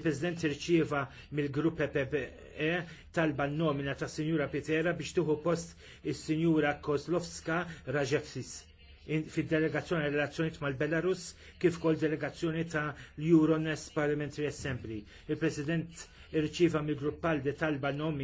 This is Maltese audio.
il-President irċieva mill-grupp PPE talba nomina ta' Sinjura Pitera biex tuħu post il sinjura Kozlovska Rajefsis fid-delegazzjoni relazzjoniet mal-Belarus kif ukoll delegazzjoni ta' Euronest Parliamentary Assembly. Il-President irċieva mill-grupp Palde talba nomina